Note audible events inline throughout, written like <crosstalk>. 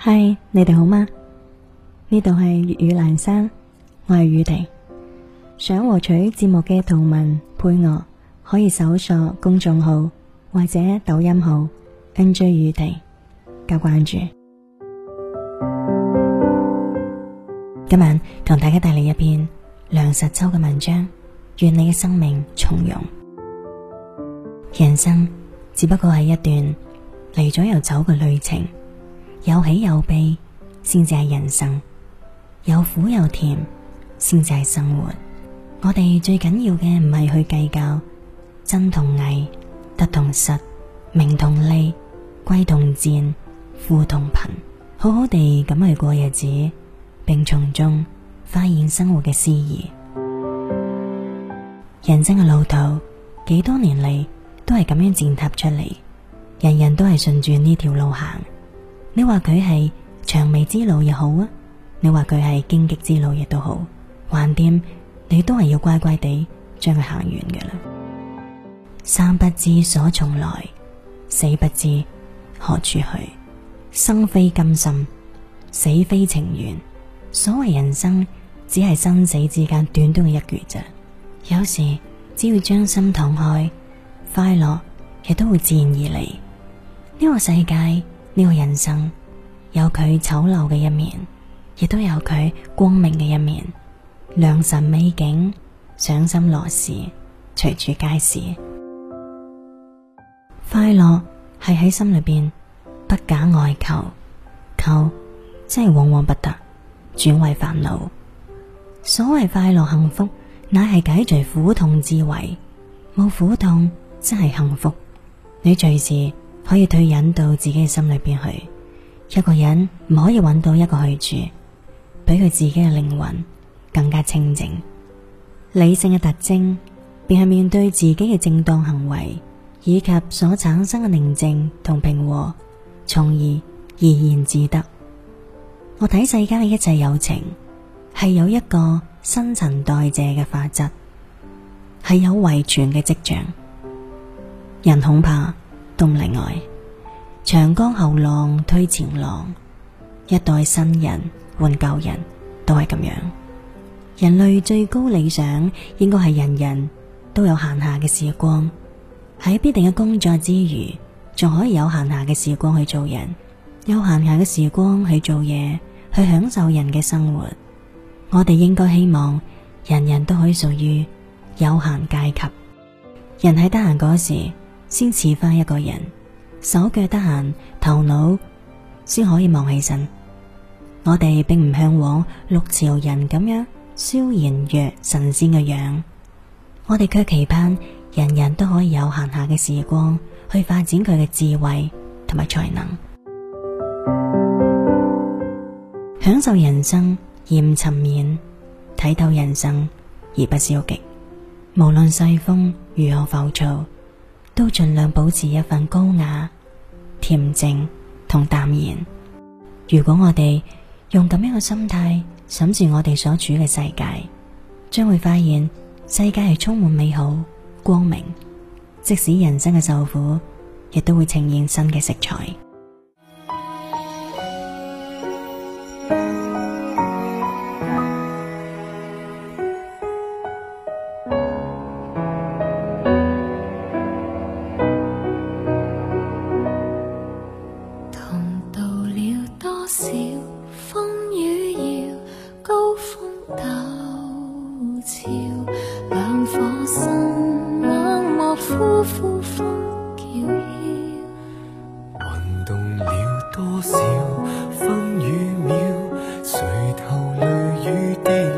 嗨，Hi，你哋好嗎？呢度係粵語闌山，我係雨蝶。想獲取節目嘅圖文配樂，可以搜索公眾號或者抖音號 N J 雨蝶加關注。今晚同大家帶嚟一篇梁實秋嘅文章，願你嘅生命從容。人生只不過係一段嚟咗又走嘅旅程。.有喜有悲，先至係人生；有苦有甜，先至係生活。我哋最緊要嘅唔係去計較真同偽、得同失、名同利、貴同賤、富同貧，好好地咁去過日子，並從中發現生活嘅詩意。人生嘅路途，幾多年嚟都係咁樣踐踏出嚟，人人都係順住呢條路行。你話佢係長眉之路也好啊，你話佢係荊棘之路亦都好，橫掂你都係要乖乖地將佢行完㗎喇。生不知所從來，死不知何處去。生非甘心，死非情願。所謂人生，只係生死之間短短嘅一橛咋。有時只要將心躺開，快樂亦都會自然而嚟。呢、這個世界。呢個人生有佢醜陋嘅一面，亦都有佢光明嘅一面。良辰美景，賞心樂事，隨處皆是。快樂係喺心裏邊，不假外求，求真係往往不得，轉為煩惱。所謂快樂幸福，乃係解除苦痛之謂，冇苦痛真係幸福。你隨時。可以退隱到自己嘅心裏邊去。一個人唔可以揾到一個去處，俾佢自己嘅靈魂更加清淨。理性嘅特徵，便係面對自己嘅正當行為，以及所產生嘅寧靜同平和，從而怡然自得。我睇世間嘅一切友情，係有一個新陳代謝嘅法則，係有遺傳嘅跡象。人恐怕。都唔例外，長江後浪推前浪，一代新人換舊人，都係咁樣。人類最高理想應該係人人都有閒暇嘅時光，喺必定嘅工作之餘，仲可以有閒暇嘅時光去做人，有閒暇嘅時光去做嘢，去享受人嘅生活。我哋應該希望人人都可以屬於有閒階級，人喺得閒嗰時。先似翻一個人，手腳得閒，頭腦先可以望起身。我哋並唔向往六朝人咁樣蕭然若神仙嘅樣，我哋卻期盼人人都可以有閒暇嘅時光去發展佢嘅智慧同埋才能， <music> 享受人生而唔沉湎，睇透人生而不消極。無論世風如何浮躁。都盡量保持一份高雅、恬靜同淡然。如果我哋用咁樣嘅心態審視我哋所處嘅世界，將會發現世界係充滿美好、光明。即使人生嘅受苦，亦都會呈現新嘅色彩。呼呼風叫囂，運 <music> 動了多少分與秒？垂頭淚雨滴？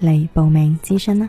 嚟報名諮詢啦！